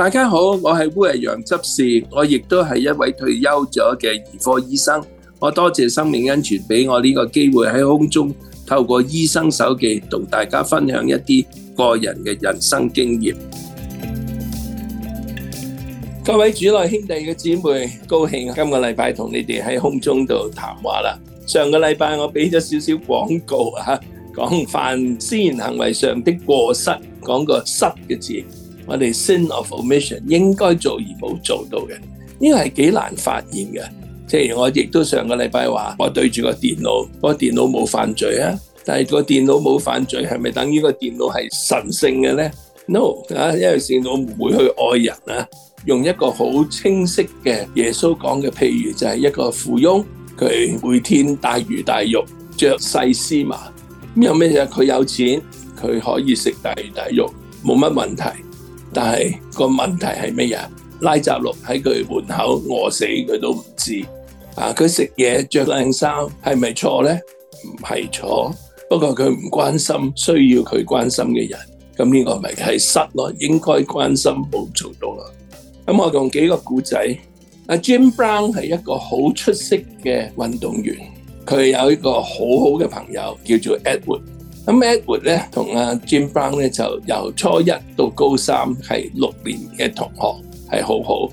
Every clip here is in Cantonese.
大家好，我係烏羊執事，我亦都係一位退休咗嘅兒科醫生。我多謝生命恩泉俾我呢個機會喺空中透過醫生手記同大家分享一啲個人嘅人生經驗。各位主內兄弟嘅姊妹高興，今個禮拜同你哋喺空中度談話啦。上個禮拜我俾咗少少廣告吓，講凡思言行為上的過失，講個失嘅字。我哋 sin of omission 應該做而冇做到嘅，呢個係幾難發現嘅。即係我亦都上個禮拜話，我對住個電腦，個電腦冇犯罪啊。但係個電腦冇犯罪係咪等於個電腦係神聖嘅咧？No 啊，因為電腦唔會去愛人啊。用一個好清晰嘅耶穌講嘅，譬如就係一個富翁，佢每天大魚大肉，着細絲襪，咁有咩嘢？佢有錢，佢可以食大魚大肉，冇乜問題。但係個問題係咩呀？拉撒路喺佢門口餓死佢都唔知啊！佢食嘢著靚衫係咪錯咧？唔係錯，不過佢唔關心需要佢關心嘅人，咁呢個咪係失咗應該關心冇做到啦。咁我用幾個故仔，阿 Jim Brown 係一個好出色嘅運動員，佢有一個好好嘅朋友叫做 Edward。咁 Edward 咧同阿 Jim Brown 咧就由初一到高三係六年嘅同學係好好，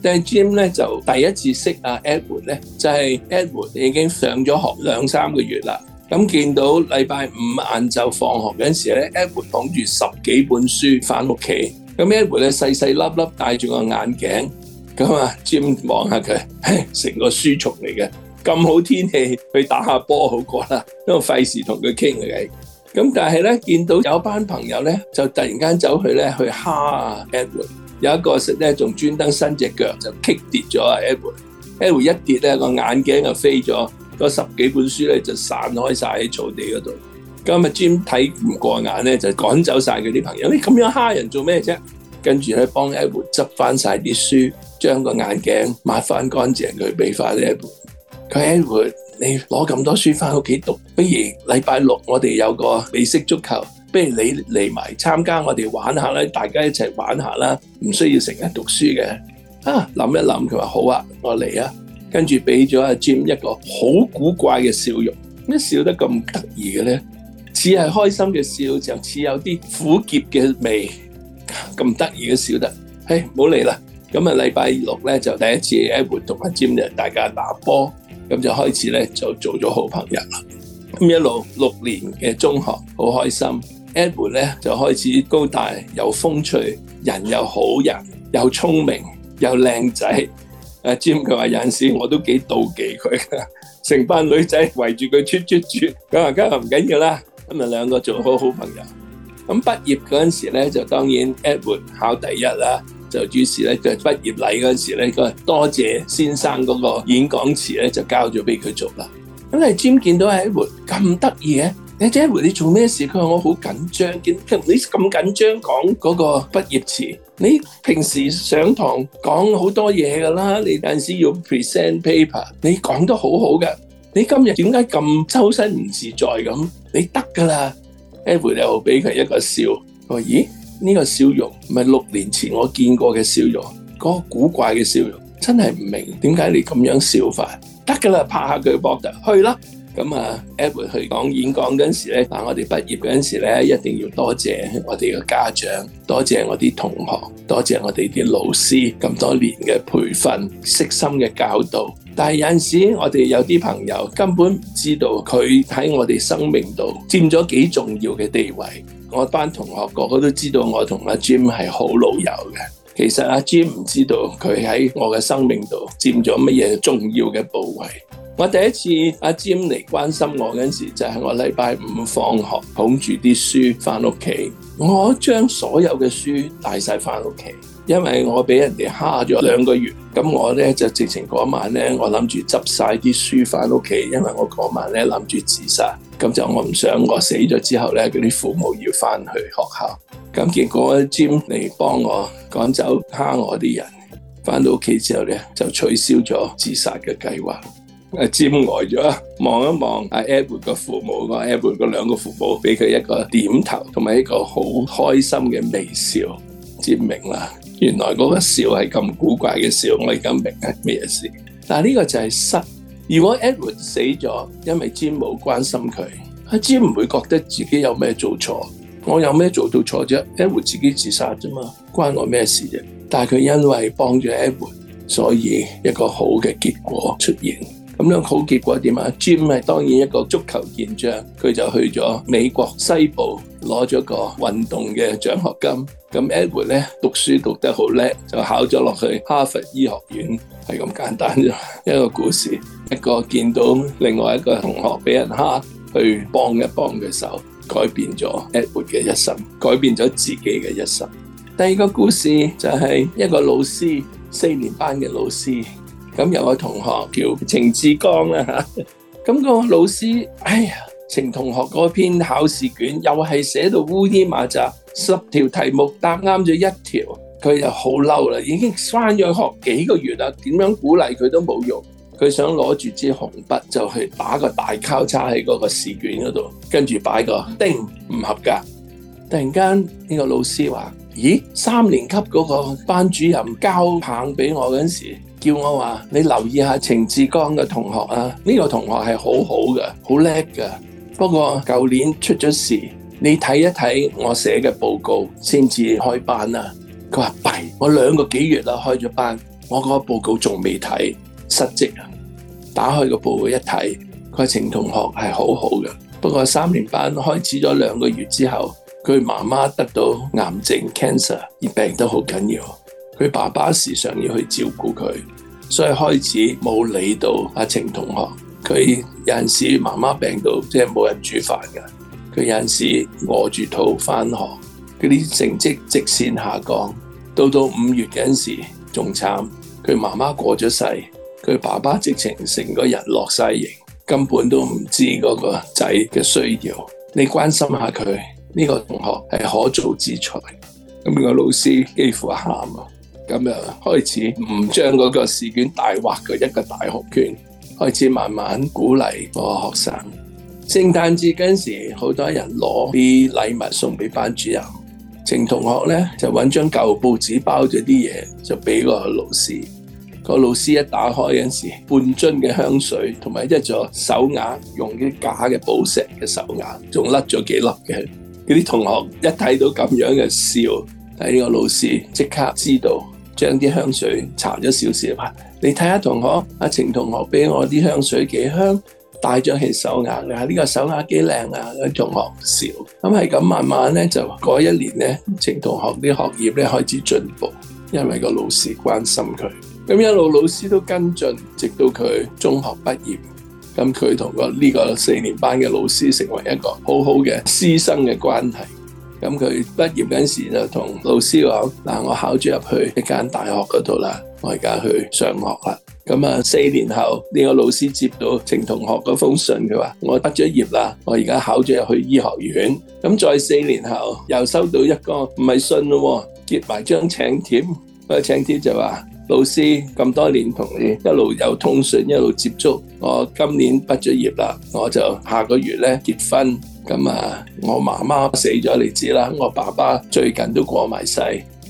但係 Jim 咧就第一次識阿 Edward 咧就係、是、Edward 已經上咗學兩三個月啦，咁見到禮拜五晏晝放學嗰時咧，Edward 捧住十幾本書翻屋企，咁 Edward 咧細細粒粒戴住個眼鏡，咁啊 Jim 望下佢，成個書蟲嚟嘅，咁好天氣去打下波好過啦，都費事同佢傾嚟。咁但係咧，見到有班朋友咧，就突然間走去咧，去蝦啊 Edward，有一個咧仲專登伸隻腳就扱跌咗啊 Edward，Edward 一跌咧個眼鏡就飛咗，嗰十幾本書咧就散開晒喺草地嗰度。咁啊 Jim 睇唔過眼咧，就趕走晒佢啲朋友。你咁樣蝦人做咩啫？跟住咧幫 Edward 執翻晒啲書，將個眼鏡抹翻乾淨佢，俾翻 Edward。佢 Edward。你攞咁多書翻屋企讀，不如禮拜六我哋有個美式足球，不如你嚟埋參加我哋玩下啦，大家一齊玩下啦，唔需要成日讀書嘅。啊，諗一諗佢話好啊，我嚟啊，跟住俾咗阿 Jim 一個好古怪嘅笑容，咩笑得咁得意嘅咧？似係開心嘅笑，就似有啲苦澀嘅味，咁得意嘅笑得，唉，唔好嚟啦。咁啊禮拜六咧就第一次喺活動阿 Jim 嘅，大家打波。咁就開始咧就做咗好朋友啦，咁一路六年嘅中學好開心。Edward 咧就開始高大又風趣，人又好，人又聰明又靚仔。阿 Jam 佢話，有陣時我都幾妒忌佢，成班女仔圍住佢轉轉轉。佢話：咁梗係唔緊要啦，咁咪兩個做好好朋友。咁畢業嗰陣時咧就當然 Edward 考第一啦。就於是咧，就畢業禮嗰時咧，佢多謝先生嗰個演講詞咧，就交咗俾佢做啦。咁啊，Jim 見到喺一回咁得意嘅，你一回你做咩事？佢話我好緊張，見你咁緊張講嗰個畢業詞。你平時上堂講好多嘢噶啦，你有陣時要 present paper，你講得好好噶。你今日點解咁周身唔自在咁？你得噶啦，一回又俾佢一個笑。佢話咦？呢個笑容唔係六年前我見過嘅笑容，嗰、嗰個古怪嘅笑容，真係唔明點解你咁樣笑法，得噶啦，拍下佢膊頭去啦。咁啊 Apple 去講演講嗰陣時咧，嗱，我哋畢業嗰陣時咧，一定要多謝我哋嘅家長，多謝我啲同學，多謝我哋啲老師咁多、多年嘅培訓、悉心嘅教導。但係有陣時候，我哋有啲朋友根本唔知道佢喺我哋生命度佔咗幾重要嘅地位。我班同學個個都知道我同阿 Jim 係好老友嘅。其實阿 Jim 唔知道佢喺我嘅生命度佔咗乜嘢重要嘅部位。我第一次阿 Jim 嚟關心我嗰陣時，就係、是、我禮拜五放學捧住啲書返屋企，我將所有嘅書帶晒返屋企。因為我俾人哋蝦咗兩個月，咁我呢就直情嗰晚呢，我諗住執晒啲書返屋企，因為我嗰晚呢諗住自殺，咁就我唔想我死咗之後呢，嗰啲父母要返去學校。咁結果阿詹嚟幫我趕走蝦我啲人，返到屋企之後呢，就取消咗自殺嘅計劃。阿、啊、詹呆咗，望一望阿 Albert 個父母，阿 Albert 嗰兩個父母俾佢一個點頭，同埋一個好開心嘅微笑，接明啦。原來嗰個笑係咁古怪嘅笑，我而家明係咩事。但係呢個就係失。如果 Edward 死咗，因為 Jim 冇關心佢，阿 Jim 唔會覺得自己有咩做錯。我有咩做到錯啫？Edward 自己自殺啫嘛，關我咩事啫？但係佢因為幫咗 Edward，所以一個好嘅結果出現。咁樣好結果點啊？Jim 係當然一個足球健將，佢就去咗美國西部攞咗個運動嘅獎學金。咁 Edward 呢讀書讀得好叻，就考咗落去哈佛醫學院，係咁簡單一個故事。一個見到另外一個同學俾人蝦，去幫一幫嘅手，改變咗 Edward 嘅一生，改變咗自己嘅一生。第二個故事就係一個老師，四年班嘅老師。咁有個同學叫程志剛啦、啊，咁 個老師，哎呀，程同學嗰篇考試卷又係寫到烏煙馬雜，十條題目答啱咗一條，佢就好嬲啦，已經翻咗學幾個月啦，點樣鼓勵佢都冇用，佢想攞住支紅筆就去打個大交叉喺嗰個試卷嗰度，跟住擺個「叮」唔合格。突然間呢、呢個老師話：咦，三年級嗰個班主任交棒俾我嗰時。叫我話你留意一下程志剛嘅同學啊，呢、呢個同學係好好嘅，好叻嘅。不過舊年出咗事，你睇一睇我寫嘅報告先至開班啦、啊。佢話，弊，我兩個幾月喇開咗班，我個報告仲未睇，失職啊！打開個報告一睇，佢程同學係好好嘅。不過三年班開始咗兩個月之後，佢媽媽得到癌症 cancer，病得好緊要。佢爸爸時常要去照顧佢，所以開始冇理到阿晴同學。佢有陣時媽媽病到，即係冇人煮飯㗎。佢有陣時餓住肚返學，佢啲成績直線下降。到到五月嗰時仲慘，佢媽媽過咗世，佢爸爸直情成個人落晒形，根本都唔知嗰個仔嘅需要。你關心下佢呢、呢個同學係可造之材，咁、嗰個老師幾乎喊啊！咁樣，開始唔將嗰個試卷大畫嘅一個大學圈，開始慢慢鼓勵個學生。聖誕節嗰陣時候，好多人攞啲禮物送俾班主任。程同學咧就搵張舊報紙包咗啲嘢，就俾個老師。個老師一打開嗰陣時，半樽嘅香水，同埋一咗手鐲，用啲假嘅寶石嘅手鐲，仲甩咗幾粒嘅。嗰啲同學一睇到咁樣嘅笑，睇個老師即刻知道。將啲香水搽咗少少嚇，你睇下同學阿晴同學，俾我啲香水幾香，戴咗喺手鈪，這個、啊，呢個手鈪幾靚啊，啲同學笑。咁係咁慢慢咧就過一年咧，晴同學啲學業咧開始進步，因為個老師關心佢，咁一路老師都跟進，直到佢中學畢業，咁佢同個呢個四年班嘅老師成為一個好好嘅師生嘅關係。.咁佢畢業嗰時就同老師講：嗱，我考咗入去一間大學嗰度啦，我而家去上學啦。咁啊，四年後呢個老師接到程同學嗰封信，佢話：我畢咗業啦，我而家考咗入去醫學院。咁再四年後又收到一個唔係信喎，結埋張請帖。嗰個請帖就話：老師咁多年同你一路有通訊，一路接觸，我今年畢咗業啦，我就下個月呢結婚。咁啊、嗯，我媽媽死咗，你知啦。我爸爸最近都過埋世。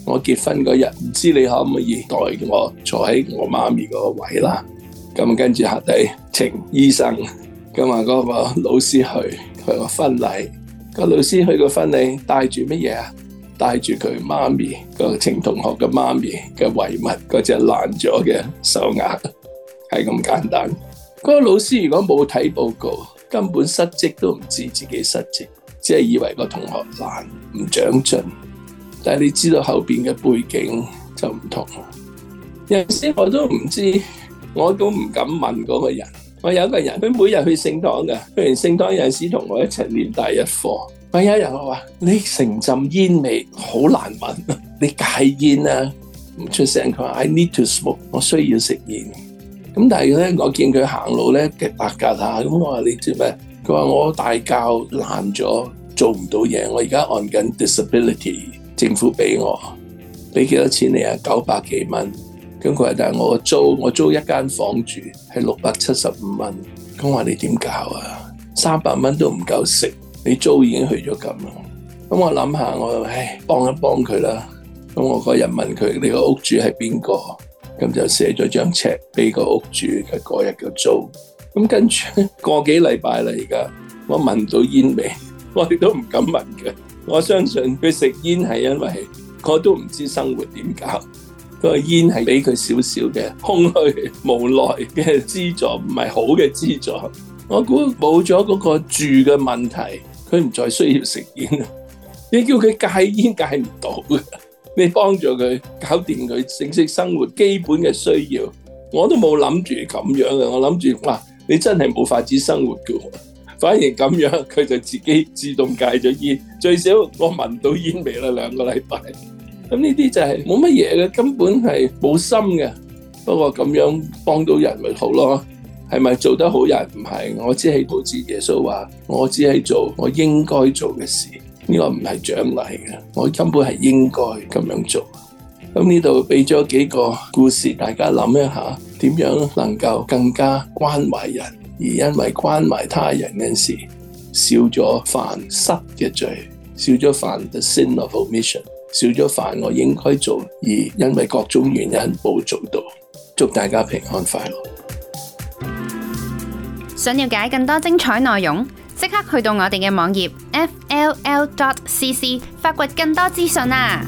我結婚嗰日，唔知你可唔可以代我坐喺我媽咪嗰個位啦。咁、嗯、跟住下底請醫生，咁啊嗰個老師去佢個婚禮。嗰個老師去個婚禮帶住乜嘢啊？帶住佢媽咪、個請同學嘅媽咪嘅遺物，嗰、那、隻、個、爛咗嘅手鐲，係 咁簡單。嗰、那個老師如果冇睇報告。根本失職都唔知道自己失職，只係以為個同學難唔長進。但你知道後面嘅背景就唔同。有陣時我都唔知道，我都唔敢問嗰個人。我有個人，佢每日去聖堂嘅。去完聖堂有陣時同我一齊念第一課。我有一日我話，你成浸煙味好難聞，你戒煙啊？唔出聲。佢話，I need to smoke，我需要食煙。咁但係呢，我見佢行路呢極邋遢下，咁、嗯、我話你知咩？佢話，我大教爛咗，做唔到嘢。我而家按緊 disability，政府俾我，俾幾多錢你啊？九百幾蚊。咁佢話但係我租，我租一間房住係六百七十五蚊。咁、嗯、話你點搞呀、啊？三百蚊都唔夠食，你租已經去咗咁。咁我諗下，我唉幫一幫佢啦。咁、嗯、我嗰日問佢：你個屋主係邊個？咁就寫咗張尺 h 俾個屋主嘅，嗰日嘅租。咁跟住過幾禮拜嚟，而我聞到煙味，我哋都唔敢聞嘅。我相信佢食煙係因為我都唔知生活點搞，那個煙係俾佢少少嘅空虛無奈嘅資助，唔係好嘅資助。我估冇咗嗰個住嘅問題，佢唔再需要食煙。你叫佢戒煙戒唔到嘅。你幫助佢搞掂佢正式生活基本嘅需要，我都冇諗住咁樣嘅，我諗住哇，你真係冇法子生活嘅，反而咁樣佢就自己自動戒咗煙，最少我聞到煙味啦兩個禮拜，咁呢啲就係冇乜嘢嘅，根本係冇心嘅，不過咁樣幫到人咪好咯，係咪做得好人唔係，我只係好似耶穌話，我只係做我應該做嘅事。呢個唔係獎勵嘅，我根本係應該咁樣做。咁呢度俾咗幾個故事，大家諗一下，點樣能夠更加關懷人，而因為關懷他人嘅事，少咗犯失嘅罪，少咗犯 the sin of omission，少咗犯我應該做而因為各種原因冇做到。祝大家平安快樂。想了解更多精彩內容。即刻去到我哋嘅網頁 fll.cc，發掘更多資訊啊！